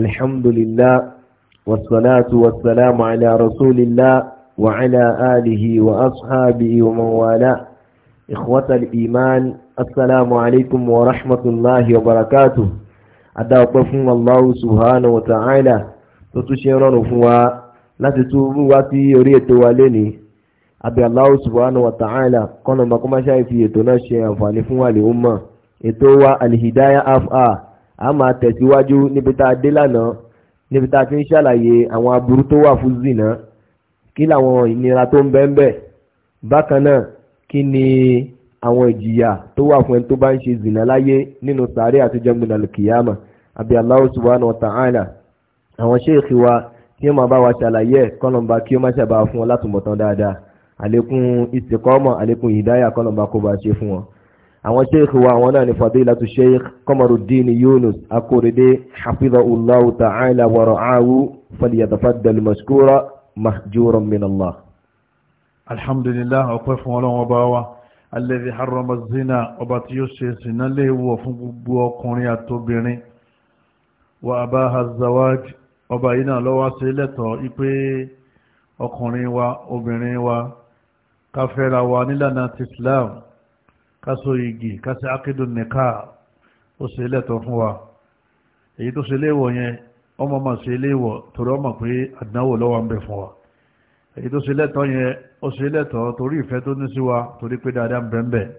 الحمد لله والصلاة والسلام على رسول الله وعلى آله وأصحابه ومن والاه إخوة الإيمان السلام عليكم ورحمة الله وبركاته أدعوكم الله سبحانه وتعالى تتشيرون فوا لا تتوبوا في يريد واليني أبي الله سبحانه وتعالى كنا ما كما شايف يتناشي أنفاني فوا لأمة إتوا الهداية أفعى a máa tẹ̀síwájú níbi tá a dé lánàá níbi tá a ti ń ṣàlàyé àwọn aburú tó wà fún zina kí làwọn ìnira tó ń bẹ́ẹ̀ bẹ́ẹ̀ bákan náà kí ni àwọn ìjìyà tó wà fún ẹni tó bá ń ṣe zina láyé nínú sàárè àti jẹ́gbìnà lùkìyàmà àbí Allahu subhanahu wa ta'ala àwọn ṣéèkì wa kí wọ́n máa bá wa ṣàlàyé ẹ̀ kọ́nọ̀mbà kí wọ́n má ṣàbà fún wọn látùmọ̀tán dáadáa àlékún istiqama àlékún hidaya kọ́nọ̀mbà kó bá ṣe fún wọn àwọn sheikh wa àwọn náà ni fadilatu sheikh Qamaruddin Yunus Akorede hafidhahullahu ta'ala wa ra'ahu falyatafaddal mashkura mahjuran min Allah. alhamdulillah ọpẹ́ fún Ọlọ́run ọba wa alladhi harrama zina ọba tí yóò ṣe sinna léèwọ̀ fún gbogbo ọkùnrin àtobìnrin wa abaha zawaj ọba yìí náà lọ́wọ́ sí lẹ́tọ̀ọ́ ipe ọkùnrin wa obìnrin wa káfẹ́ra wa nílànà ti Islam kásò igi kásì ákídùn nìka ó ṣe lẹ́tọ̀ fún wa èyí tó ṣe léèwọ̀ yẹn ọmọ máa ṣe léèwọ̀ torí ọmọ pé àdánwò lọ́wọ́ ń bẹ fún wa èyí tó ṣe lẹ́tọ̀ yẹn ó ṣe lẹ́tọ̀ torí ìfẹ́ tó ní sí wa torí pé dáadáa ń bẹ ń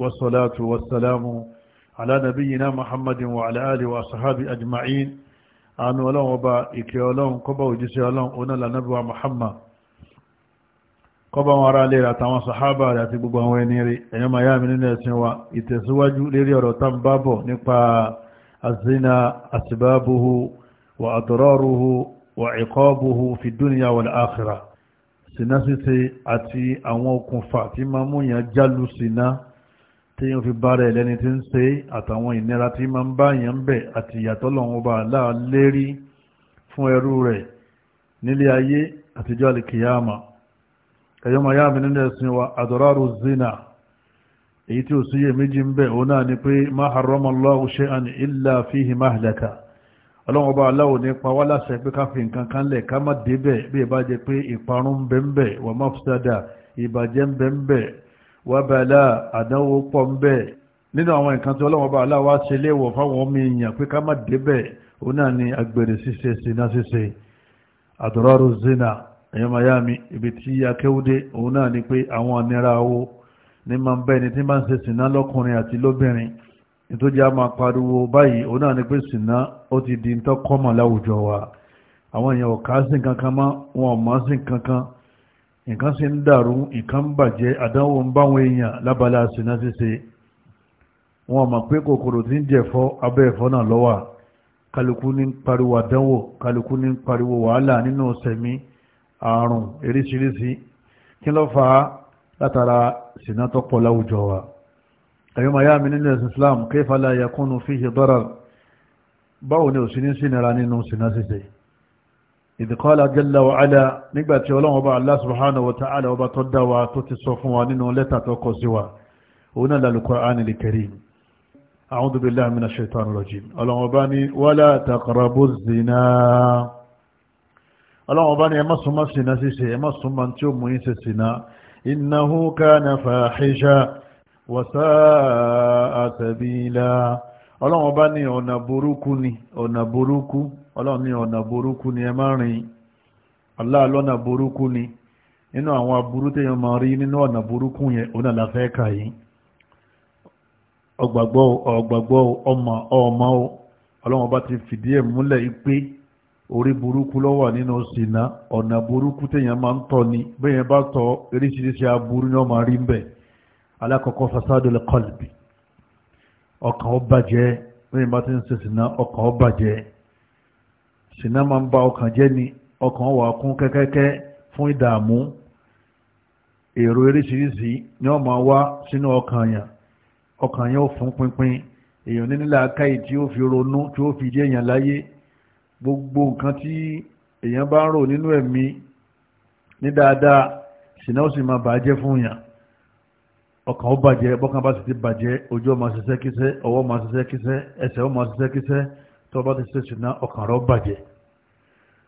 wasalaatu wasalaamu ala nabiyyina muhammadin wa ala alihi wa sahabi ajma'in anu ọlọ́run ọba ìkẹ́ ọlọ́run kọ́bà òjíṣẹ́ ọlọ́run onílànàbíwa muhammad kọba wọn ará lera àtàwọn sàhábà rẹ̀ àti gbogbo àwọn ẹni rí ẹ̀yọ́ ma yá mi nínú ẹ̀sìn wa ìtẹ̀síwájú lérí ọ̀rọ̀ tán bábọ̀ nípa azina asibabuhu wa adọ́rọ̀ruhu wa ìkọ́buhu fi dúnìyà wal akhira sínà síse àti àwọn okùnfà tí ma mú yàn jálù sínà tí yóò fi bára ẹ̀lẹ́ni tí ń ṣe àtàwọn ìnira tí ma ń bá yàn bẹ̀ àti ìyàtọ̀ lọ́wọ́ bá ẹ̀yọ́ máa yá mi nínú ẹ̀sìn wa àdọ̀rọ̀rù zina èyí tí ó síyè méjì ń bẹ̀ òun náà ni pé ma harrama Allahu shay'an illa fihi mahlaka ọlọ́run bá aláwò ní pa wá láṣẹ pé ká fi nǹkan kan lẹ̀ ká má débẹ̀ bí ìbá jẹ pé ìparun ń bẹ ń bẹ ìbàjẹ́ ń wà bala àdánwò pọ̀ ń nínú àwọn nǹkan tí ọlọ́run bá á ṣe léèwọ̀ fáwọn ọmọ èèyàn pé ká má débẹ̀ òun náà ni agbèrè ṣíṣe ṣìnà ṣíṣe àdọ̀rọ̀rù zina ẹ̀yọ́ miami ibi tí akéwúdé òun náà ni pé àwọn ànira owó ní ma ń bẹ́ ni tí ma ń ṣe sìná lọ́kùnrin àti lóbìnrin nítorí a máa pariwo báyìí òun náà ni pé sìná ó ti di tọ́ kọ́mọ̀ láwùjọ wa àwọn èèyàn ọ̀ká sí kankan mọ́ wọn ò mọ́ sí kankan nǹkan sì ń dàrú nǹkan ń bàjẹ́ àdánwò ń báwọn èèyàn lábala sìná ṣíṣe wọn mọ̀ pé kòkòrò tí ń jẹ̀fọ́ abẹ́ ẹ̀fọ́ náà lọ́wà kálukú ní pariwo àdánwò kálukú ní pariwo wàhálà nínú sẹ̀mí àrùn eríṣiríṣi kí ló fà á látara sínà tó pọ̀ láwùjọ wa ẹ̀yọ́ maya mi nílẹ̀ islam kayfa la yakunu fihi darar báwo ni òsì ní sínira nínú sínà ṣíṣe idh qala jalla wa ala nígbàtí ọlọ́run ọba allah subhanahu wa ọlọ́wọ́n bá ní ẹ súnmọ́ sínà ṣíṣe ẹ súnmọ́ tí ó mú yín ṣe sínà innahu kana fahisha wa sa'a sabila bá ní ọ̀nà burúkú ni ọ̀nà burúkú ọlọ́wọ́n ní ọ̀nà burúkú ni ẹ má rìn Allah burúkú ni nínú àwọn aburú ọmọ orí burúkú ló wà nínú ṣìnà ọ̀nà burúkú téèyàn máa ń tọ̀ ni béèyàn bá tọ̀ oríṣiríṣi aburú ni wọ́n máa rí ń bẹ̀ alákọ̀ọ́kọ́ fasadul qalbi ọkàn ó bàjẹ́ béèyàn bá ti ń ṣe ṣìnà ọkàn ó bàjẹ́ ṣìnà máa ń ba ọkàn jẹ́ ni ọkàn wà kún kẹ́kẹ́kẹ́ fún ìdààmú èrò oríṣiríṣi ni wọ́n máa wá sínú ọkàn yàn ọkàn yẹn ó fún pínpín èèyàn nílẹ̀ akáyì tí ó fi ronú tí ó fi jẹ́ èèyàn láyé gbogbo nǹkan tí èèyàn bá ń rò nínú ẹ̀mí ní dáadáa ṣìnà ó sì máa bàjẹ́ fún yàn ọkàn ó bàjẹ́ bọ́kàn bá sì ti bàjẹ́ ojú ó máa ṣiṣẹ́ kíṣẹ́ ọwọ́ ó máa ṣiṣẹ́ kíṣẹ́ ẹsẹ̀ ó ṣiṣẹ́ kíṣẹ́ tó bá ti ṣe ṣìnà ọkàn rọ bàjẹ́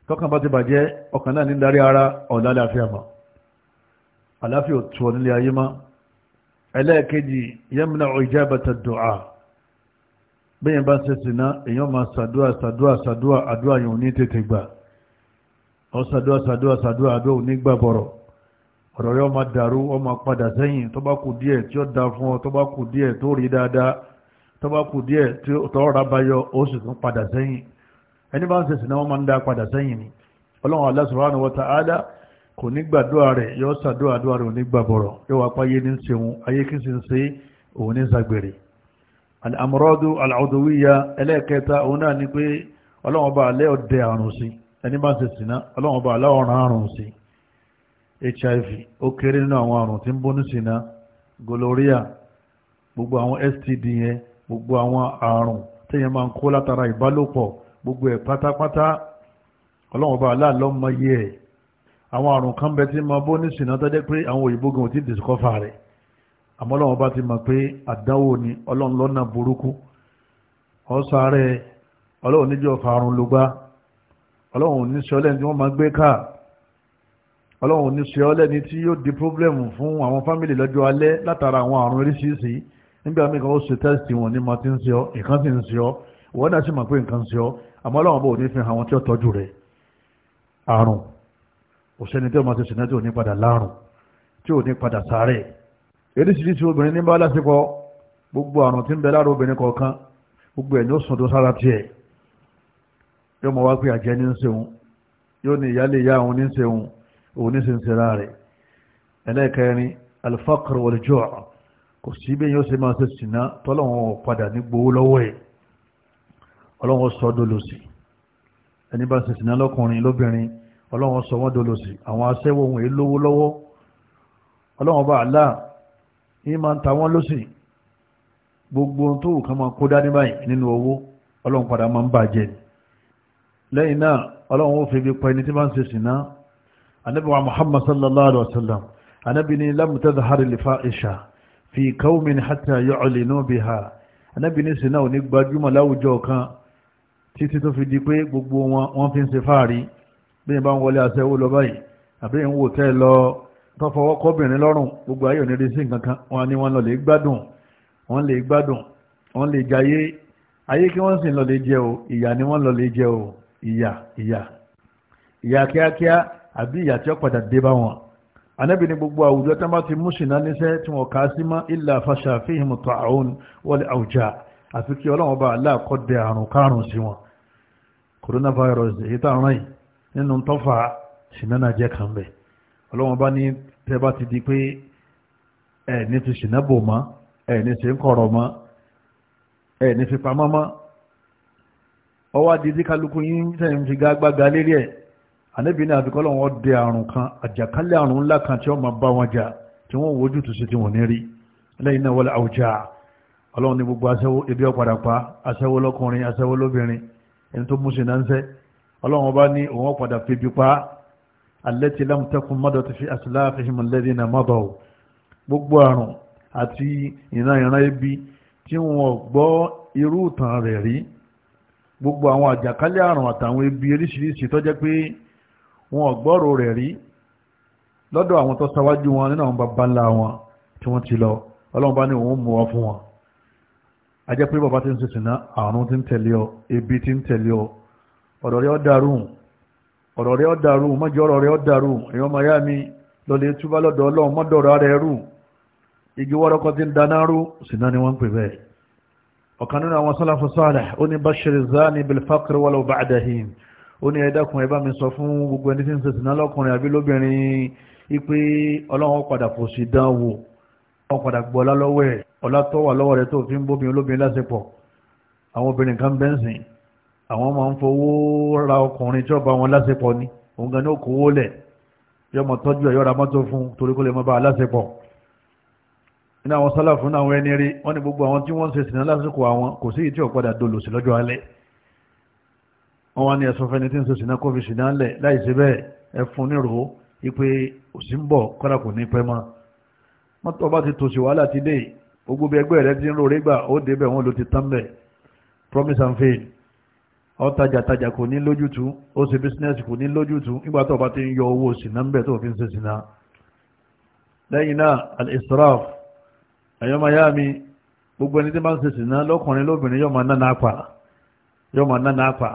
tọ́kàn bá ti bàjẹ́ ọkàn náà ní darí ara ọ̀dà àlàáfíà mọ́ àlàáfíà ò tù ọ nílé ayé mọ́ ẹlẹ́ẹ̀kejì yẹ́mìnà ijabata du'a bẹ́yẹn bá ṣe sìná èyàn máa sàdúà sàdúà sàdúà àdúà yìí ò ní tètè gbà ọ sàdúà sàdúà sàdúà àdúà ò ní gbà bọ̀rọ̀ ọ̀rọ̀ yóò máa dàrú ọ máa padà sẹ́yìn tó bá kù díẹ̀ tí ó da fún ọ tó bá kù díẹ̀ tó rí dáadáa tó bá kù díẹ̀ tí ó rà báyọ ó sì tún padà sẹ́yìn ẹni bá ń ṣe wọ́n máa ń dá padà sẹ́yìn ni ọlọ́run Allah subhanahu wa kò ní gbàdúrà rẹ̀ yóò àmúrọ́dù àlàudùwíyà ẹlẹ́ẹ̀kẹta òun náà ni pé ọlọ́wọ́n bá alẹ́ ọdẹ àrùn sí ẹni bá ń ṣe sínà ọlọ́wọ́n bá aláwọ̀rán àrùn sí hiv ó kéré nínú àwọn àrùn tí ń bó ní sínà gonorrhea gbogbo àwọn std yẹn gbogbo àwọn àrùn tẹ́yẹ máa ń kó látara ìbálòpọ̀ gbogbo ẹ̀ pátápátá ọlọ́wọ́n bá aláàlọ́ ẹ̀ àwọn àrùn kan bẹ tí máa bó sínà tọ́jẹ́ pé àwọn òyìnbó gan ò ti discover rẹ̀ àmọ́ ọlọ́run bá ti mọ̀ pé àdáwò ni ọlọ́run lọ́nà burúkú ọ̀sàárẹ̀ ọlọ́run níjọ́ farun ló gbá ọlọ́run ní sọ́lẹ̀ tí wọ́n máa gbé káà ọlọ́run ní sọ́lẹ̀ ní tí yóò di problem fún àwọn fámìlì lọ́jọ́ alẹ́ látara àwọn àrùn oríṣiríṣi nígbà míì kan ó ṣe test wọn ní máa ti ń ṣe ọ nǹkan sì ń ṣe ọ ìwọ náà sì mọ̀ pé nǹkan ṣe ọ àmọ́ ọlọ́run bò ní fi àwọn tí ó tọ́jú rẹ̀ àrùn òṣèlú tí ó máa ṣe ṣìnà eríṣiríṣi obìnrin ní bá lásìkò gbogbo àrùn tí ń bẹ lára obìnrin kọ̀ọ̀kan gbogbo ẹ̀yìn ó sùn tó sára tiẹ̀ yóò mọ̀ wá pé àjẹ́ ní ń seun yóò ní ìyáálé ìyá òun ní ń seun òun ní sin sera rẹ̀ ẹlẹ́ẹ̀kẹrin alifakar wọlẹ́jọ́ kò sí bí yóò ṣe máa ṣe sìnà tọ́lọ́wọ́n padà ní gbowó lọ́wọ́ ẹ̀ ọlọ́wọ́n sọ dolòsì ẹni bá ṣe sìnà lọ́kùnrin lóbìnrin ọlọ́wọ́n sọ wọ́n dolòsì àwọn aṣẹ́wó ohun èlówó lọ́wọ́ ọlọ́wọ́n bá aláà yìí máa ń ta wọ́n lọ́sì gbogbo tó wù kán máa kó dání báyìí nínú owó ọlọ́run padà máa ń bàjẹ́ lẹ́yìn náà ọlọ́run ó fi fi pa ẹni tí máa ń ṣe sìná anabi muhammad sallallahu alaihi wa sallam anabi ni lam tazhar al-fa'isha fi qawmin hatta yu'linu biha anabi ni sìná ò ní gbajúmọ̀ láwùjọ kan títí tó fi di pé gbogbo wọn wọ́n fi ń ṣe fáàrí bí yẹn bá ń wọlé aṣẹ́wó lọ báyìí àbí ń wò tẹ́ lọ tó fọwọ́ kọ́bìnrin lọ́rùn gbogbo ayé òní rí sí nǹkan kan wọn ni wọn lọ lè gbádùn wọn lè gbádùn wọn lè jayé ayé kí wọ́n sì lọ lè jẹ o ìyà ni wọ́n lọ lè jẹ o ìyà ìyà ìyà kíákíá àbí ìyà tí ó padà dé bá wọn anábì ní gbogbo àwùjọ tán bá ti mú ṣìnà níṣẹ́ tí wọ́n kà sí mọ́ ilà fàṣà fíhìm ta'un wal awja àfi kí ọlọ́run bá aláàkọ́dẹ àrùn kárùn sí wọn coronavirus èyí tá a yìí nínú tọ́fà ṣìnà náà jẹ́ kan bẹ́ẹ̀ ọlọ́wọ́n bá ní tẹ́ bá ti di pé ẹ̀ ní fi ṣìnábò mọ́ ẹ̀ ní ṣe ń kọ̀rọ̀ mọ́ ẹ̀ ní fi pamọ́ mọ́ ọwọ́ adidi kálukú yín sẹ́yìn fi gágbága lérí ẹ̀ ànábì ní àfikọ́ lọ́wọ́ dé àrùn kan àjàkálẹ̀ àrùn ńlá kan tí wọ́n máa bá wọn jà tí wọ́n wojú tó ṣe tí wọ́n ní rí lẹ́yìn náà wọlé àwùjá ọlọ́run ní gbogbo aṣẹ́wó ebi ọ̀padà pa aṣẹ́wó lọ́kùnrin aṣẹ́wó lóbìnrin ẹni tó mú sí náà ń sẹ́ ọlọ́run ọba ní òun ọ̀padà febi pa التي لم takun madat في aslafihim الذين مضوا. gbogbo àrùn àti ìran ìran ibi tí wọ́n gbọ́ irú ìtàn rẹ̀ rí gbogbo àwọn àjàkálẹ̀ àrùn àtàwọn ibi oríṣiríṣi tó jẹ́ pé wọ́n gbọ́rò rẹ̀ rí lọ́dọ̀ àwọn tó sáwájú wọn nínú àwọn bàbá ńlá wọn tí wọ́n ti lọ ọlọ́run bá ní òun mú wọn fún wọn a jẹ́ pé bàbá ti ń ṣe àrùn ti ń tẹ̀lé ọ ebi ti ń tẹ̀lé ọ ọ̀dọ̀ rẹ̀ ọ̀rọ̀ rẹ̀ ọ́ dàrú mọ́jọ́ ọ̀rọ̀ rẹ̀ ọ́ dàrú èèyàn ọmọ ìyá mi lọ́lẹ̀ túbá lọ́dọ̀ ọlọ́run mọ́dọ̀rọ̀ rẹ̀ rú igi wọ́rọ́kọ́ ti ń dáná rú sínú ni wọ́n ń pè bẹ́ẹ̀ ọ̀kan nínú àwọn sálàfù sálẹ̀ ó ní bashir zani bilfakir wàlú bàdàhìn ó ní ẹ̀dàkùn ẹ bá mi sọ fún gbogbo ẹni tí ń sèṣìná lọ́kùnrin àbí lóbìnrin ipe ọlọ́run padà kò sí dánwò wọ́n padà gbọ́ ọlá lọ́wọ́ ẹ̀ ọlá tó lọ́wọ́ rẹ̀ tó fi ń bóbi olóbìnrin lásìpọ̀ àwọn obìnrin kan bẹ́ńsìn àwọn máa ń fowó ra ọkùnrin jọba wọn lásìpọ̀ ni òun gan ní ó kówó lẹ̀ yọmọ tọ́jú ẹ̀yọ́ra mọ́tò fún torí kó lè mọ́ bá lásìpọ̀ iná àwọn sálàfún náà wọ́n ẹni rí wọ́n ní gbogbo àwọn tí wọ́n ń ṣe sìnà lásìkò àwọn kò sí ìtí ọ̀padà dolo sí lọ́jọ́ alẹ́ wọ́n wá ní ẹ̀sùn fẹ́ni tí ń ṣe sìnà kófì sìnà lẹ̀ láì sí bẹ́ẹ̀ ẹ fún nírò ipe òsì bọ̀ kọ́dà kò ní pẹ́ mọ́ mọ́tò bá ti tòṣì wàhálà ti dé gbogbo ẹgbẹ́ rẹ ti ń rò gbà ó débẹ̀ wọn ló ti tán bẹ̀ promise and fail ọtajàtajà kò ní lójútu ó sì bísínẹ́sì kò ní lójútu nígbà tó bá ti ń yọ owó sínà ń bẹ̀ tó fi ń ṣe sínà lẹ́yìn náà gbogbo ẹni tí máa ń ṣe sínà lọ́kùnrin lóbìnrin yọ́ máa nánà apà yọ́ máa nánà apà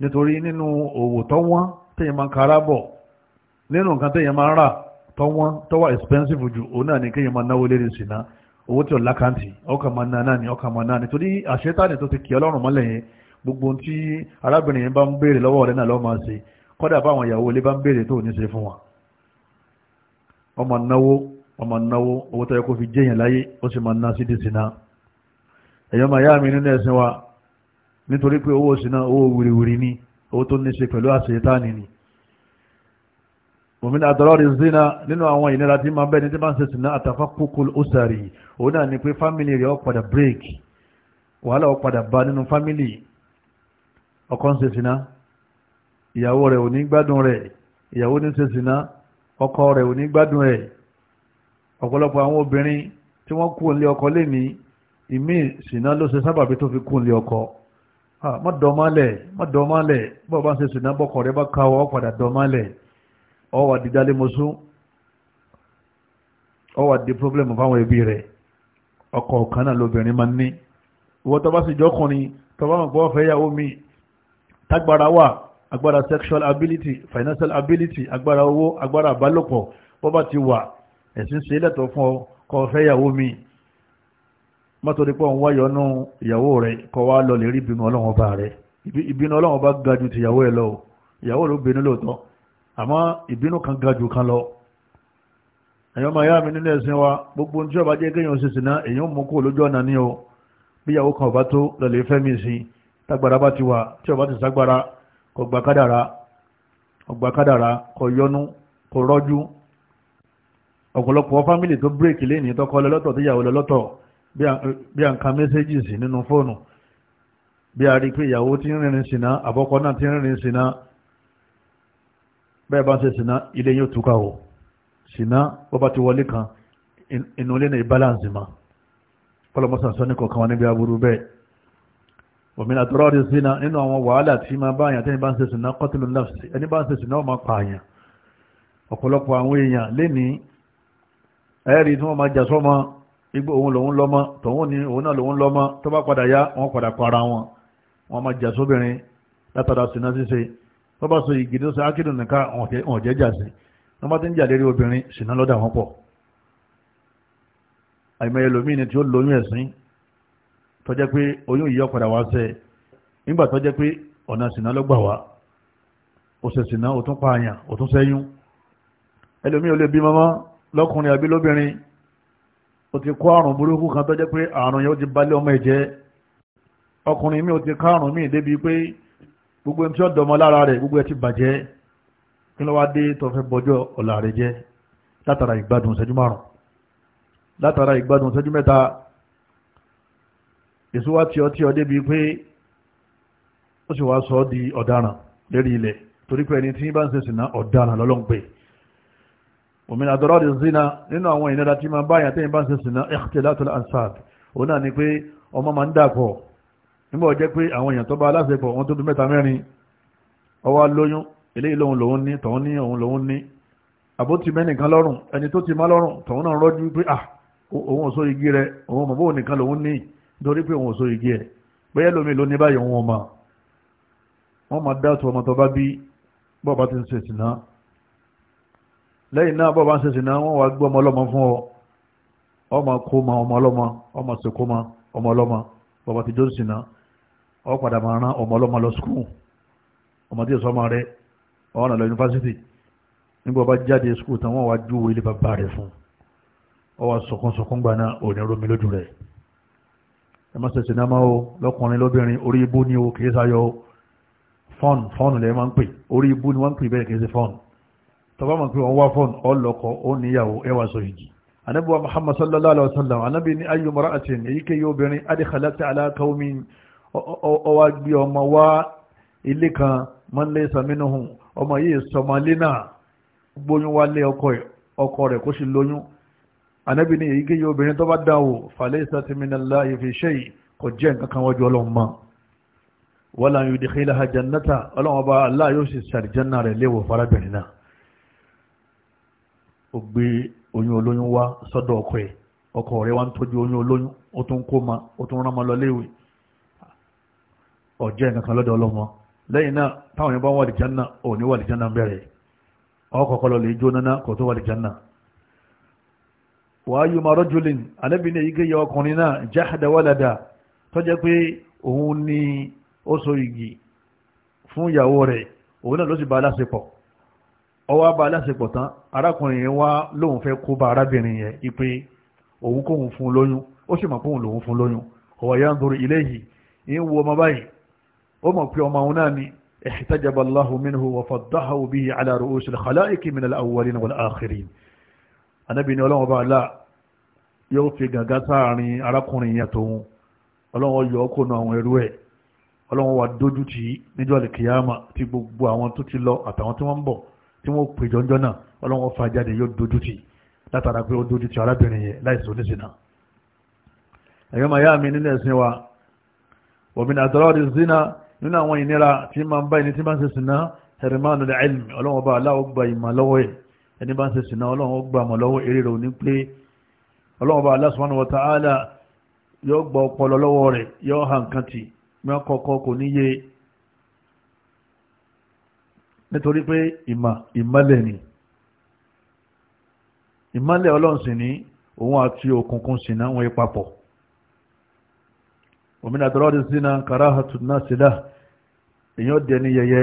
nítorí nínú òwò tó wọ́n téèyàn máa kara bọ̀ nínú nǹkan téèyàn máa rà tó wọ́n tó wà expensive ju òun náà ni kéèyàn máa náwó gbogbo tí arábìnrin yẹn bá ń béèrè lọ́wọ́ rẹ̀ náà lọ́ máa ṣe kọ́dà báwọn ìyàwó ilé bá ń béèrè tó ní ṣe fún wa ọmọ náwó ọmọ náwó owó tó yẹ kó fi jẹ́yàn láyé ó sì máa ná sídìí sínà ẹ̀yọ́ máa yá mi nínú ẹ̀sìn wa nítorí pé owó sínà owó wìrìwìrì ni owó tó ní ṣe pẹ̀lú àṣetáni ni òmìnira àtọ́rọ́ rí zina nínú àwọn ìnira tí máa bẹ́ẹ̀ ní tí máa ń ṣe sínà àtàfà kókó òsàrì òun náà ni pé fámìlì rẹ̀ ó padà break wàhálà ó padà bá nínú fámìlì ọkọ ń ṣe sìná ìyàwó rẹ̀ ò ní gbádùn rẹ̀ ìyàwó ní ṣe sìná ọkọ rẹ̀ ò ní gbádùn rẹ̀ ọ̀pọ̀lọpọ̀ àwọn obìnrin tí wọ́n kú nílé ọkọ lẹ́ni ìmí sìná ló ṣe sábàbí tó fi kú nílé ọkọ má dọ̀málẹ̀ má dọ̀málẹ̀ bọ́ọ̀ bá ń ṣe sìná bọ́kọ̀ rẹ̀ bá káwọ́ padà dọ̀málẹ̀ ó wá di dálémosú ó wá di problem fáwọn ẹbí rẹ̀ ọkọ ọ̀kan náà lóbìnrin máa ń ní ìwọ tó bá sì jọkùnrin tó bá mọ̀ pé wọ́n fẹ́ yàwó míì tágbára wa agbara sexual ability financial ability agbara owó agbara àbálòpọ̀ bó bá ti wà ẹ̀sìn ṣe lẹ́tọ̀ fún ọ kó fẹ́ ìyàwó mi mọ́tòrí pọ̀ ń wáyọ̀ nú ìyàwó rẹ̀ yawo wá lọ lè rí ìbínú ọlọ́run ọba rẹ̀ ìbínú ọlọ́run ọba ga ju ti ìyàwó ẹ̀ lọ ìyàwó ló bínú lóòótọ́ àmọ́ ìbínú kan ga kan lọ ẹ̀yọ́ máa yá mi nínú ẹ̀sìn wa gbogbo ní tí ọba jẹ́ kéèyàn ṣe sìnà èèyàn mú kó lójú ọ̀nà o bí ìyàwó kan ọba tó lọ lè fẹ́ mi sí i tágbára bá ti wà tí ọba ti ságbára kò gbà kádàrá ọgbà kádàrá kò yọnu kò rọ́jú ọ̀pọ̀lọpọ̀ fámìlì tó bírèkì lẹ́ni tọkọ lọ́tọ̀ tó yàwó lọ́tọ̀ bí à ń ka mẹ́sẹ́gìsì nínú fóònù bí a rí pé ìyàwó ti ń rìnrìn sínà àbọ́kọ náà ti rìnrìn sínà bẹ́ẹ̀ bá ń ṣe sínà ilé yóò túká o sínà bó bá ti wọlé kan inú ilé náà ìbálànsì ma kọlọmọsàn sọ ní kọ̀ọ̀kan wọn níbi aburú bẹ́ẹ̀ òmìnira tó rọ́ọ̀dì sínú nínú àwọn wàhálà tí máa bá àyàn tẹ́yìn bá ń ṣe sùnà kọ́tùlù nafsi ẹni bá ń ṣe sùnà ọmọ pa àyàn ọ̀pọ̀lọpọ̀ àwọn èèyàn lẹ́ni ẹ̀rí tí wọ́n máa jà sọ́mọ igbó òun lòun lọ́mọ tòun ni òun náà lòun lọ́mọ tó bá padà yá wọ́n padà para wọn wọ́n máa jà sóbìnrin látara sùnà ṣíṣe tó bá so ìgì tó ṣe ákìdùn nìka wọn jẹ́ jà sí wọ́n bá ti ń jà lérí obìnrin sùnà lọ́dà wọn pọ̀ àìmọye lòmíì ni tí ó lóyún ẹ̀sìn tó jẹ́ pé oyún ìyọ́ padà wá sẹ́ nígbà tó jẹ́ pé ọ̀nà sìnà ló gbà wá ó ṣe sìnà ó tún pààyàn ó tún ṣẹ́yún ẹlòmíì ò lè bí mọ́mọ́ lọ́kùnrin àbí lóbìnrin ó ti kó àrùn burúkú kan tó jẹ́ pé àrùn yẹn ó ti balẹ̀ ọmọ ẹ̀jẹ̀ ọkùnrin mi ò ti ká àrùn mi débi pé gbogbo ẹni tí ó dọmọ lára rẹ̀ gbogbo ẹ ti bàjẹ́ kí ló wá dé tó fẹ́ bọjọ́ ọ̀la jẹ́ látara ìgbádùn ìṣẹ́jú márùn-ún látara ìgbádùn ìṣẹ́jú mẹ́ta èso wá tí ọ tí ọ débi pé ó sì wá sọ ọ́ di ọ̀daràn lérí ilẹ̀ torí pé ẹni tí bá ń ṣe sìnà ọ̀daràn lọ́lọ́n pé òmìnira dọ́rọ́ di zina nínú àwọn ìnira tí máa báyà tẹ́yìn bá ń ṣe sìnà ikhtilatul ansab òun náà ni pé ọmọ máa ń dàpọ̀ nígbà ọjẹ́ pé àwọn èèyàn tó bá aláṣepọ̀ wọn tó bí mẹ́ta mẹ́rin ọwọ́ lóyún eléyìí lòun lòun ní tọ̀hún ní òun lòun ní àbó ti mẹ́nìkan lọ́rùn ẹni tó ti má lọ́rùn tọ̀hún náà rọ́jú pé ah òun ò sórí igi rẹ òun mọ̀ bóun nìkan lòun ní torí pé òun ò so igi ẹ̀ bẹ́yẹ́ lómi ló ní báyìí wọn ma wọ́n ma dá tó ọmọ tó bá bí bọ́ọ̀bá ti ń ṣe sìná lẹ́yìn náà bọ́ọ̀bá ń ṣe sìná wọ́n wá gbé ọmọ ọlọ́mọ fún ọ ọmọ kó ma ọmọ ọlọ́mọ ọmọ sèkó ma ọmọ ọlọ́mọ bọ́ọ̀bá ti jósì sìná ọ padà máa rán ọmọ ọlọ́mọ lọ skul ọmọ tí ìsọmọ rẹ ọ̀nà rẹ ọ wá sọkúnsọkún gbaná ẹ má ṣẹ̀ṣẹ̀ náà máa o lọ́kùnrin lóbìnrin orí ibú ni o kìí sáyọ fọ́ọ̀nù fọ́ọ̀nù lẹ́yìn máa ń pè orí ibú ni wọ́n ń pè bẹ́ẹ̀ kìí ṣe fọ́ọ̀nù tọ́ba máa ń pè wọ́n wá fọ́ọ̀nù ọlọ́kọ ó níyàwó ẹ wá sọ yìí anabi wa muhammad sallallahu alaihi wa sallam anabi ni ayu mara'atin èyíkéyìí obìnrin adikhalati ala qaumin ó anábì ní èyíkéyìí obìnrin tó bá dáwò falaysat minallahi fi shay' kò jẹ́ nǹkan kan wájú ọlọ́run mọ́ wala yudkhilaha jannata ọlọ́run ọba Allah yóò sì ṣàlìjánná rẹ̀ léwọ̀ farabìnrin náà ó gbé oyún olóyún wá sọ́dọ̀ ọkọ ẹ̀ ọkọ rẹ̀ wá ń tọ́jú oyún olóyún ó tún kó ma ó tún rán ma lọ léwe ọ̀jẹ́ nǹkan lọ́dọ̀ ọlọ́mọ lẹ́yìn náà táwọn yẹn bá wà lìjánná ò ní wà lìjánná bẹ̀rẹ̀ ọkọ̀ kọlọ̀ lè jó náná kò tó wà lìjánná wàá yóò máa rọ́júlìn alẹ́bí ní èyíkéyà ọkùnrin náà jáhàdà wàlàdà tó jẹ́ pé òun ni ó so igi fún ìyàwó rẹ̀ òun náà ló sì bá aláṣepọ̀ ọwọ́ bá aláṣepọ̀ tán arákùnrin yẹn wá lóun fẹ́ kó bá arábìnrin yẹn ipe òun kóhun fún lóyún ó sì mọ̀ pé òun fún lóyún ọ̀wọ̀ ya ń dorí ilé yìí ń wo ọmọ báyìí ó mọ̀ pé ọmọ náà ni ihtajaba Allahu minhu wa faddahu bihi ala anábì ní ọlọ́run bá là yóò fi gàgá sáàrin arákùnrin yẹn tóun ọlọ́run yọ ọkọ̀ náà àwọn ẹrú ẹ̀ ọlọ́run wà dójú tì níjọ́ àlìkìyàmà tí gbogbo àwọn tó ti lọ àtàwọn tí wọ́n ń bọ̀ tí wọ́n pè jọ́njọ́ náà ọlọ́run fa jáde yóò dójú tì látara pé ó dójú tì arábìnrin yẹn láìsí oníṣìnà ẹ̀yọ́ màá mi nínú ẹ̀sìn wa òmìnira àtọ́rọ́dì zina nínú àwọn ìnira tí máa ń bá ẹni tí máa ń ṣe hermanu ilm ọlọ́run ọba aláwọ̀ gba ìmọ̀ lọ́wọ́ yìí ẹni bá ń ṣe sìnà ọlọ́run ó gbà mọ̀ lọ́wọ́ eré rẹ̀ ò ní pé ọlọ́run bá Allah subhanahu wa ta'ala yóò gbọ́ ọpọlọ lọ́wọ́ rẹ̀ yóò hàn kan tì mọ́ kò níye nítorí pé ìmà ni ìmọ́lẹ̀ ọlọ́run sì ní òun àti òkùnkùn sì náà wọ́n papọ̀ òmìnà tọ́lọ́dún sí náà karahatu náà sílá èyàn dẹni yẹyẹ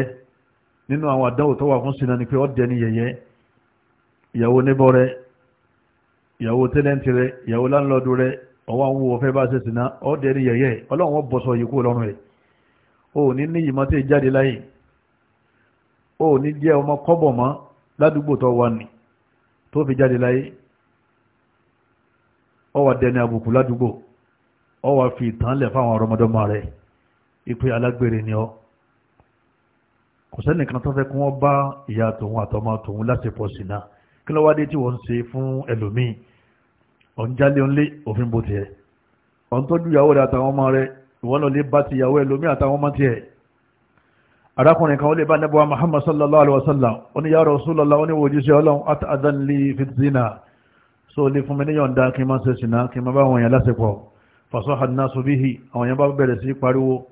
nínú àwọn àdánwò tó wà ni pé ìyàwó níbọ̀ rẹ̀ ìyàwó tẹ́lẹ̀ntì rẹ̀ ìyàwó láńlọ́dù rẹ̀ ọwọ́ àwọn òfẹ́ bá ṣe sìnà ọ́ dẹ̀rí yẹ̀yẹ́ ọlọ́run bọ̀sọ̀ yìí kó lọ́rùn rẹ̀ o ní ní ìmọ̀ tí jáde láyé o ní jẹ́ ọmọ kọ́bọ̀ mọ́ ládùúgbò tó wà ní tó fi jáde láyé ọ wà dẹni àbùkù ládùúgbò ọ wà fi ìtànlẹ̀ fáwọn ọmọdọ́mọ rẹ̀ ìpè alágbèrè ni ọ kò sẹ́nìkan tó fẹ́ kí wọ́n bá ìyá tòun àtọmọ tòun láti pọ̀ sí náà kí ló wá dé tí wọ́n ń ṣe fún ẹlòmíì ọ̀n jálé ńlé òfin bó tiẹ̀ ọ̀n tọ́jú ìyàwó rẹ̀ àtàwọn ọmọ rẹ̀ ìwọ́n lọ lè bá ti ìyàwó ẹlòmíì àtàwọn ọmọ tiẹ̀ arákùnrin kan ó lè bá nẹ́bọ̀ Muhammad sallallahu alaihi wasallam ó ní ya Rasulullah ó ní wo jíṣẹ́ ọlọ́run àtàdánlé fitzina so lè fún mi ní yọ̀ǹda kí n máa ṣe ṣìnà kí n máa bá àwọn èèyàn lásìkò fasaha nasu bihi àwọn èèyàn bá bẹ̀rẹ̀ sí pariwo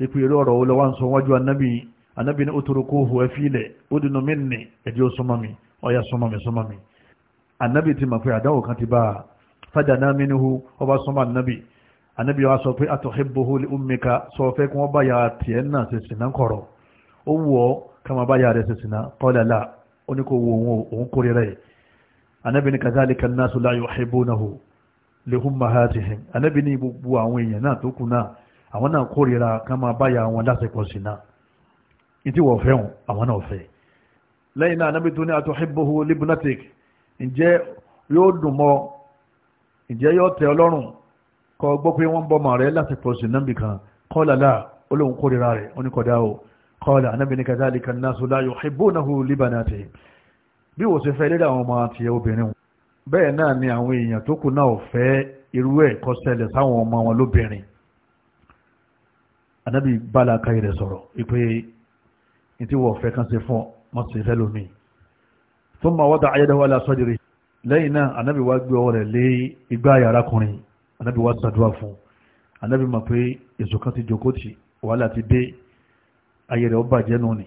ipi ìlú ọ̀rọ̀ olówó ń sọ wájú anábì anábì ní ó torokóhù ẹ fílẹ̀ ó dùnú mí nì ẹjọ́ súnmọ́ ọ̀yà súnmọ́mi súnmọ́mi ànábì ti mọ̀ pé àdáwò kan ti bá a fájà náà mi níhu ọba súnmọ́ ànábì ànábì wa sọ pé àtọ̀hẹ́bòho lè ummika sọ fẹ́ kí wọ́n bá ya tiẹ̀ náà ṣe sìnà kọ̀rọ̀ ó wù ọ́ kama bá ya rẹ̀ ṣe sìnà kọ́lẹ̀ la ó ní kò wo òun kórè rẹ̀ ànábì ní kazalika an-nasu la yuhibbunahu li ummahatihim ànábì ní gbogbo àwọn èèyàn náà tó kù náà àwọn náà kórìíra kama bá ya wọn lásìkò sìnà ìtìwọ̀ fẹ́hùn àwọn náà fẹ́ẹ́ lẹ́yìn náà anábì tó ní atuhibbuhu libnatik ǹjẹ́ yóò dùn mọ́ ǹjẹ́ yóò tẹ́ ọlọ́run kọ gbọ́ pé wọ́n bọ́ rẹ̀ láti pọ̀sì náà bìkan kọ́lá láà olóhun kórira rẹ̀ oníkọ̀dá o kọ́lá anábì ní kadhalika an-nasu la yuhibbunahu libanatihi bí wò ṣe fẹ́ lédà àwọn ọmọ àti obìnrin bẹ́ẹ̀ náà ni àwọn èèyàn tó kù náà fẹ́ irú ẹ̀ kó ṣẹlẹ̀ sáwọn ọmọ wọn lóbìnrin anábì bá làákàyè rẹ̀ sọ̀rọ̀ ìpè ní tí fẹ́ kan ṣe fún ọ wọ́n sì fẹ́ lómi tó máa wọ́dà ayédáwọ́ aláṣọ́dìrí lẹ́yìn náà anábì wá gbé ọwọ́ rẹ̀ lé igbá arákùnrin anábì wá ṣàdúrà fún anábì mọ̀ pé èso kan ti jókòó tì wàhálà ti dé ayé rẹ̀ ó bàjẹ́ nù ni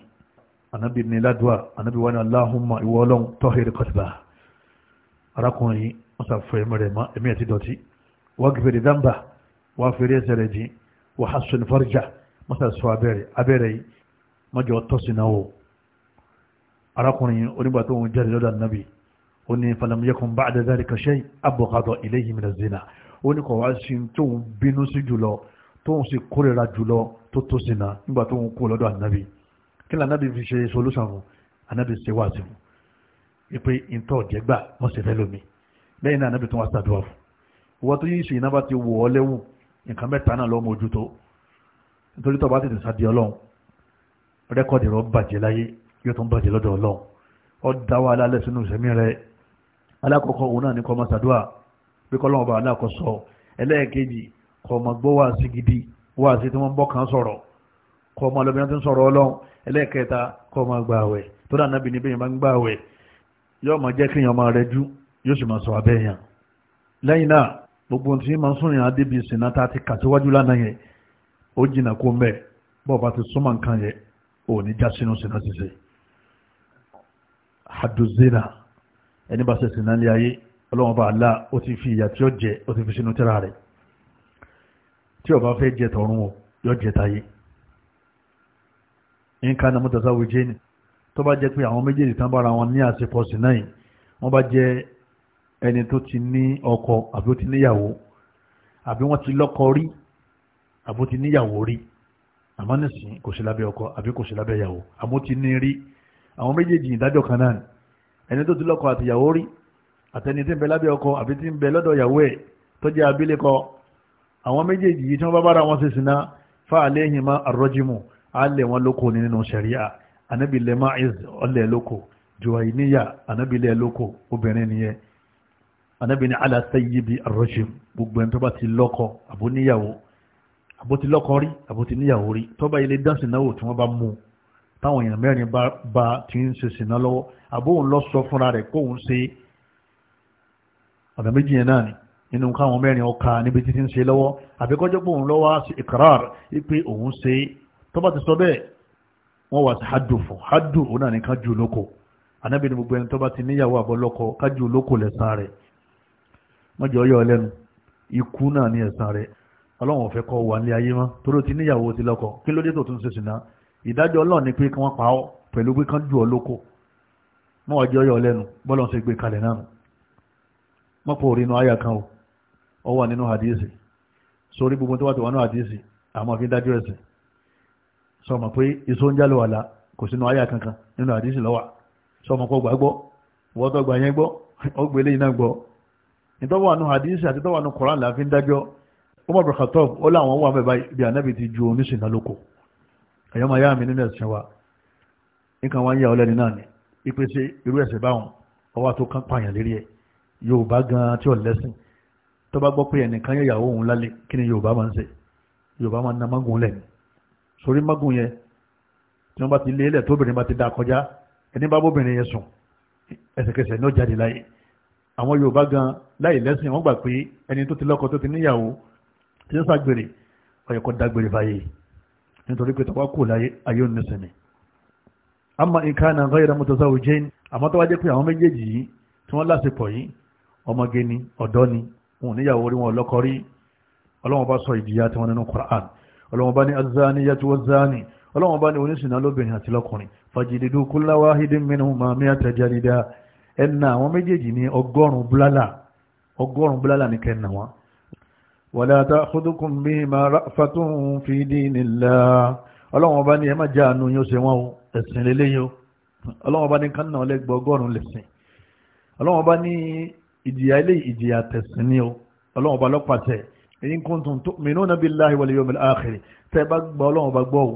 anábì ní ládùá anábì wá ní aláhùnmá ìwọ ọlọ́run tọ́hìrì kọ́tìbà arákùnrin wọ́n ṣàfẹ́ ẹ̀mí rẹ̀ mọ́ ẹ̀mí ẹ̀ ti dọ̀tí wá gbèrè dáńbà wá fèrè ẹsẹ̀ rẹ̀ jìn wá hasun farja mọ́ṣáṣọ́ abẹ́rẹ́ abẹ́rẹ́ yìí mọ́jọ́ tọ́sí náà wò arákùnrin onígbà tó ń jáde lọ́dọ̀ nàbì ó ní falam yakun ba'da dhalika shay' abghadu ilayhi min az-zina ó ní kọ̀wá sí tó ń bínú sí jùlọ tó ń sì kórìíra jùlọ tó tó sì náà nígbà tó ń kú lọ́dọ̀ ànábì kí ni ànábì fi ṣe solúsàn fún ànábì ṣe wá sí fún ipe ìtọ́ ọ̀jẹ̀gbà wọ́n sì fẹ́ lómi lẹ́yìn náà ànábì tó wá sàdúrà fún ìwọ́ tó yí ìṣèyí náà bá ti wọ̀ ọ́ lẹ́wù nǹkan mẹ́ta náà lọ́mọ ojú tó nítorí tó bá tètè sá di ọlọ́run rẹ́kọ̀dì rọ bàjẹ́ láyé yóò tún bàjẹ́ lọ́dọ̀ ọlọ́run ọ dá wa alálẹ̀ sínú ìsẹ̀mí rẹ̀ alákọ̀ọ́kọ́ òun náà ní kọ́ máa ṣàdúrà pé kọ́lọ́run ọba alákọ̀ọ́sọ ẹlẹ́ẹ̀kejì kọ́ máa gbọ́ wá sí gidi wá sí tí wọ́n bọ́ kan sọ̀rọ̀ kọ́ máa lọ́bìnrin tí ń sọ̀rọ̀ ọlọ́run ẹlẹ́ẹ̀kẹta kọ́ máa gbà wẹ̀ tó dà nábì ní bẹ́yìn bá ń gbà wẹ̀ yóò máa jẹ́ kéèyàn máa rẹjú yóò sì máa sọ abẹ́yàn lẹ́yìn náà gbogbo tí ma ń súnrìn adébí sinna tá a ti kàtíwájú lánàá yẹn ó jìnnà kó mẹ́ bọ́ọ̀ bá ti súnmọ́ nǹkan yẹn ò já sínú sinna ṣiṣẹ́ haduzina ẹni bá ṣe sìnà ní ayé ọlọ́wọ́n bá Allah ó ti fi ìyà tí ó jẹ ó ti fi sínú tírà rẹ̀ tí ó bá fẹ́ jẹ tọ̀run o yóò jẹ táyé nǹkan náà mọ́tàtà wíjẹ́ ni tó bá jẹ́ pé àwọn méjèèjì tán bára wọn ní àsìkò sí náà wọ́n bá jẹ́ ẹni tó ti ní ọkọ àbí ó ti níyàwó àbí wọ́n ti lọ́kọ rí àbí ó ti níyàwó rí àmọ́ nísìnyí kò sí lábẹ́ ọkọ àbí kò sí lábẹ́ ìyàwó àmọ́ ó ti ní rí àwọn méjèèjì ìdájọ́ kan náà ẹni tó ti lọ́kọ àtìyàwó rí àtẹni tí ń bẹ lábẹ́ ọkọ àbí tí ń bẹ lọ́dọ̀ ìyàwó ẹ̀ tó jẹ́ abílékọ àwọn méjèèjì yìí tí wọ́n bá bára wọn ṣe sìná fa àléhìn má àrọ́jìmù á lè wọn lóko ní nínú ṣẹ̀ríà ànábì lè má ìz ọlẹ̀ lóko jùwà ìníyà ànábì lè lóko obìnrin nìyẹn ànábì ní aláṣẹ́yìí bí àrọ́jìmù gbogbo ẹni tó bá ti lọ́kọ àbóníyàwó táwọn èèyàn mẹ́rin ba ti ń ṣe sìnà lọ́wọ́ àbóhùn lọ sọ fúnra rẹ̀ kóhùn ṣe ọ̀nà méjì yẹn náà ni nínú káwọn mẹ́rin ọkà níbi títí ń ṣe lọ́wọ́ àbíkọ́jọ́ pé òun lọ́wọ́ sí ìkàràr pé òun ṣe tó bá ti sọ bẹ́ẹ̀ wọ́n wà sí hadu fún hadu òun náà ni ká ju olóko anábìrin gbogbo ẹni tó bá ti níyàwó àbọ̀ lọ́kọ ká ju olóko lẹ́sàn rẹ̀ mọ́jọ yọ lẹ́nu ikú náà ní ẹ̀sàn rẹ̀ ọlọ́run ò fẹ́ kọ́ wà ní ayé mọ́ torí ó ti níyàwó ti lọ́kọ kí ló tó tún ṣe sìnà ìdájọ́ ọlọ́run ni pé kí wọ́n pa ọ́ pẹ̀lú pé kán jù ọ lóko mọ́ ọjọ́ yọ lẹ́nu ṣe gbé kalẹ̀ náà mọ́pọ̀ orí inú àyà kan o ọ wà nínú sórí gbogbo tó wà tó wà nínú àmọ́ fi dájọ́ ẹ̀sìn kò sínú àyà kankan nínú lọ́wà gbọ́ wọ́n tó gbọ́ ó gbé gbọ́ nínú àti nínú la fi ń dájọ́ ẹ̀yọ́ máa yá mi nínú ẹ̀sìn wa nǹkan wá ń yà ọ́ lẹ́ni náà ni ipe ṣe irú ẹ̀sìn báwọn ọwọ́ tó kán pààyàn lérí ẹ̀ Yorùbá gan tí ò lẹ́sìn tó bá gbọ́ pé ẹnìkan yẹ ìyàwó òun lálẹ́ kí ni Yorùbá máa ń ṣe Yorùbá máa ń na mágùn lẹ̀ ni sórí mágùn yẹn tí wọ́n bá ti lé ilẹ̀ tóbìnrin bá ti dá kọjá ẹni bá bóbìnrin yẹn sùn ẹsẹ̀kẹsẹ̀ náà jáde láyé àwọn Yorùbá gan láì lẹ́sìn wọ́n gbà pé ẹni tó ti lọ́kọ tó ti níyàwó ti ń ṣàgbèrè ó yẹ báyìí nítorí pé tọwọ́ kò láyé ayé ò nísìnyí amma in kana ghayra mutazawwijin àmọ́ tó wá jẹ́ pé àwọn méjèèjì yìí tí wọ́n lásìpọ̀ yìí ọmọge ni ọ̀dọ́ ni wọn níyàwó orí wọn lọ́kọ rí ọlọ́wọ́n bá sọ ìdíyà tí wọ́n nínú Qur'an ọlọ́wọ́n bá ní az-zaniyatu waz-zani ọlọ́wọ́n bá ní oníṣìnà lóbìnrin àti lọ́kùnrin fajlidu kulla wahidin minhuma mi'ata jalida ẹ̀nà àwọn méjèèjì ولا تأخذكم بهما رأفة في دين الله ọlọ́wọ́n bá ní ẹ má jẹ́ àánú yóò ṣe wọ́n o ẹ̀sìn lélẹ́yìn o ọlọ́wọ́n bá ní kánà lẹ́gbẹ̀ ọgọ́rùn-ún lẹ́sìn ọlọ́wọ́n bá ní ìjìyà ilé ìjìyà tẹ̀sìn ni o ọlọ́wọ́n bá lọ́pàtẹ́ in kuntum tu'minuna billahi wal yawmil akhir tẹ́ bá gbọ́ ọlọ́wọ́n bá gbọ́ o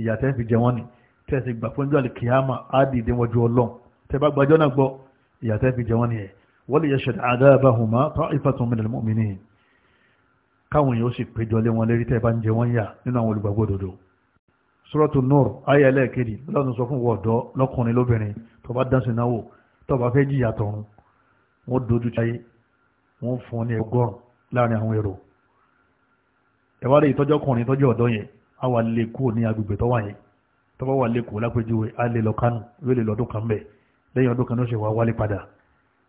ìyà tẹ́ fi jẹ wọ́n ni tẹ́ sì gbà fún jọ́lì kìyàmà á dìde wọ́jú ọlọ́run tẹ́ bá gbàjọ́ náà gbọ́ ìyà tẹ́ fi jẹ wọ́n ni ẹ̀ wal yashhad 'adabahuma ta'ifatun minal mu'minin káwọn èèyàn ó sì péjọ lé wọn lérí tẹ́ bá ń jẹ wọ́n yà nínú àwọn olùgbàgbọ́ òdodo sọ́rọ́tù nur ayé ẹlẹ́ẹ̀kejì lọ́dún sọ fún wọ̀ọ́dọ́ lọ́kùnrin lóbìnrin tó bá dánsì náwó tó bá fẹ́ jìyà tọ̀run wọ́n dojú tí ayé wọ́n fún ní ọgọ́rùn láàrin àwọn èrò ẹ̀wádìí ìtọ́jú ọkùnrin ìtọ́jú ọ̀dọ́ yẹn á wà lè kúrò ní agbègbè tó wà yẹn tó bá wà lè kúrò lápèjúwe á lè lọ kánú yóò lè lọ́dún kan bẹ̀ lẹ́yìn ọdún kan ní ó ṣe wálé padà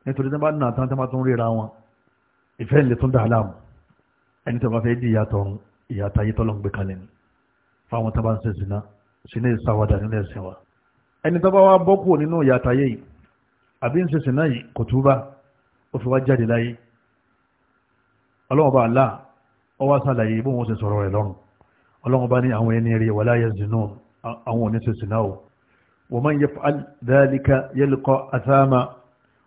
nítorí tí wọ́n bá nà tán tí wọ́n bá tún ríra wọn ìfẹ́ ìlẹ̀ tún dà láàmú ẹni tó bá fẹ́ di ìyàtọ̀ ìyàtọ̀ ayé tọ́lọ̀ ń gbé kalẹ̀ ni fáwọn tó bá ń ṣe zina sínú ìsáwádà nínú ẹ̀sìn wa ẹni tó bá wá bọ́ kúrò nínú ìyàtọ̀ ayé yìí àbí ń ṣe zina yìí kò túbá ó fi wá jáde láyé ọlọ́wọ́n bá ọ wá sàlàyé bó wọn ṣe sọ̀rọ̀ rẹ̀ lọ́rùn ọlọ́wọ́n ní àwọn ẹni rí wala yazinun àwọn òní ṣe zina o wa man yaf'al dhalika yalqa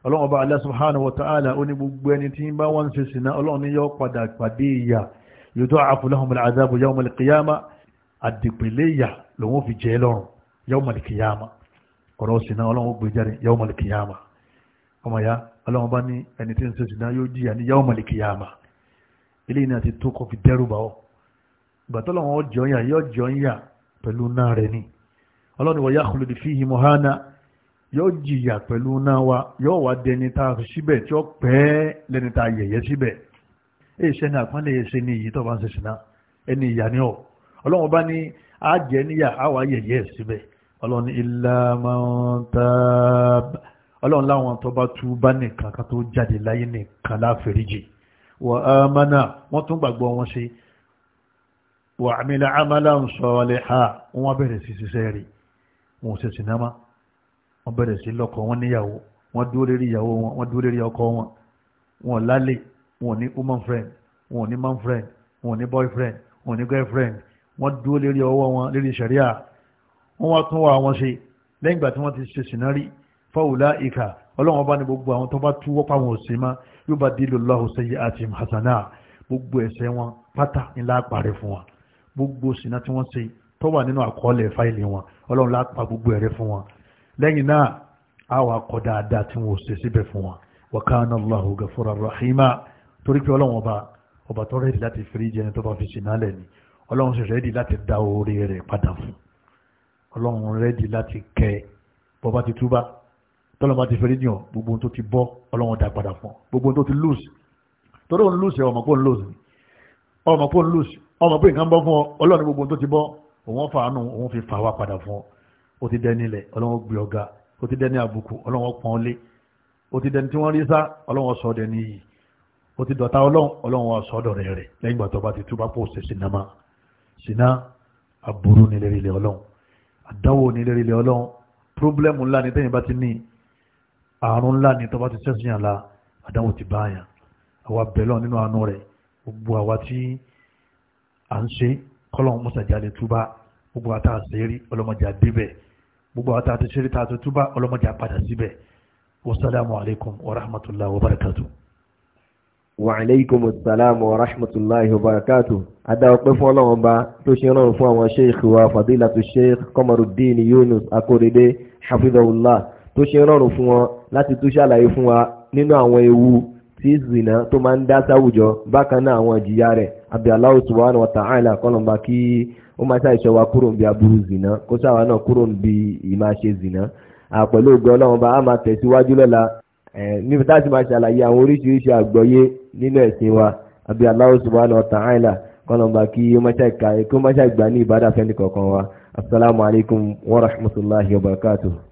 ọlọ́run ọba Allah subhanahu wa ta'ala ó ní gbogbo ẹni tí ń bá wọ́n ṣe sìnà ọlọ́run ní yọ padà pàdé ìyà yudha'afu lahumul adhabu yawmal qiyamah àdìpẹ̀lẹ̀ ìyà lòun fi jẹ́ lọ́rùn yawmal qiyamah ọ̀rọ̀ sìnà ọlọ́run gbé jáde yawmal qiyamah ọmọ ya ọlọ́run bá ní ẹni tí ń ṣe sìnà yóò jìyà tó kọ́ fi dẹ́rù bá ọ yóò jìyà pẹ̀lú náà wa yóò wá dẹni tá a síbẹ̀ tí ó pẹ́ lẹ́ni tá a yẹ̀yẹ́ síbẹ̀ èyí sẹ́ni àpọ́nlé ẹ̀ṣẹ̀ ni èyí tó bá ń ṣe sìnà ẹni ìyà ni ọ̀ ọlọ́run bá ní á jẹ́ níyà á wá yẹ̀yẹ́ síbẹ̀ ọlọ́run ilá máa ń ta ọlọ́run láwọn tó bá tú bá nìkan kan tó jáde láyé nìkan láfẹ̀ríjì wà á mánà wọ́n tún gbàgbọ́ wọn ṣe wà á mílẹ̀ amálà ń sọ ọlẹ́ ha wọ́n bẹ̀rẹ̀ sí ṣiṣẹ́ rí wọn ò ṣe sìnà máa wọ́n bẹ̀rẹ̀ sí lọ́kọ wọn níyàwó wọ́n dúró lérí ìyàwó wọn wọ́n dúró lérí ọkọ wọn wọn lálẹ́ wọn ní woman friend wọn ní man friend wọn ní boyfriend wọn ní girlfriend wọ́n dúró lérí ọwọ́ wọn lérí sẹ̀ríà wọ́n wá tún wà wọn ṣe lẹ́yìn ìgbà tí wọ́n ti ṣe sìnárí fáwùlá ìkà ọlọ́wọ́n bá ní gbogbo àwọn tó bá tú wọ́pá wọn ò sí mọ́ yóò bá dé lọ́láhùn sẹ́yìn àti hasana gbogbo ẹ̀ṣẹ̀ wọn pátá ńlá parẹ́ fún wọn gbogbo sìnà tí wọ́n ṣe tó wà nínú àkọọ́lẹ̀ fáìlì wọn ọlọ́run lápá gbogbo ẹ̀rẹ́ fún wọn lẹ́yìn náà a wà kọ́ dáadáa tí wọ́n ṣe síbẹ̀ fún wa wa kana Allahu ghafura rahima torí pé ọlọ́run ọba ọba tó rẹ́ẹ̀dì láti fìrí jẹni tó bá fi ṣìnà lẹ̀ ni ọlọ́run sì rẹ́ẹ̀dì láti dá orí rẹ̀ padà fún ọlọ́run rẹ́ẹ̀dì láti kẹ bọ́ba ti túbá tọ́lọ́ bá ti fìrí jìn gbogbo tó ti bọ́ ọlọ́run dá padà fún gbogbo tó ti lose torí òun lose ọmọ pé òun ọmọ pé òun ọmọ ó ti dẹni ilẹ̀ ọlọ́wọ́ gbé ọ̀gá ó ti dẹni àbùkù ọlọ́wọ́ pọ́n lé ó ti dẹni tí wọ́n rí sá ọlọ́wọ́ sọ dẹni yìí ó ti dọ̀tá ọlọ́run ọlọ́wọ́ sọ dọ̀rẹ́ rẹ̀ lẹ́yìn ìgbà tó bá ti túbá pò ṣe sinamá siná aburú ní lérí ilẹ̀ ọlọ́run àdánwò ní lérí ilẹ̀ ọlọ́run pírọ́blẹ́mù ńlá ni tẹ́yìn bá ti ní àrùn ńlá ni tó bá ti sẹ́sìn yàn la àdánwò ti bá yàn àwa bẹ̀lọ́ nínú àánú rẹ̀ gbogbo àwa tí à ń ṣe kọ́lọ́n mọ́sàjáde túbá gbogbo àtàṣe rí ọlọ́mọdé àdébẹ̀ gbogbo àwọn tààtò ṣeré tààtò túbà ọlọ́mọdé àpadà síbẹ̀ wasalaamu alaykum wa rahmatulahi wa barakatu. wa aleykum salaam wa rahmatulahi wa barakatu. adáwọ̀pẹ́ fún ọlọ́run bá tó ṣe rán fún àwọn sheikh wa fadilatu sheikh kọmarudin yunus akorede hafizahullah tó ṣe rán fún wọn láti tún ṣàlàyé fún wa nínú àwọn ewu tí zina tó máa ń dá sáwùjọ bákan náà àwọn ìjìyà rẹ̀ àbí Allahu subhanahu wa ta'ala kọ́lọ̀mbà kí ó máa ṣàìṣọ́ wa kúrò ń bí aburú zìnà kó ṣàwa náà kúrò ń bí ìmáṣe zìnà àpẹ̀lú ògbẹ́ ọlọ́run bá a máa tẹ̀síwájú lọ́la níbi táti máa ṣàlàyé àwọn oríṣiríṣi àgbọ́yé nínú ẹ̀sìn wa àbí Allahu subhanahu wa ta'ala kọ́lọ̀mbà kí ó máa ṣàìgbà ní ìbádàfẹ́ ní wa assalamu wa rahmatullahi wa barakatuh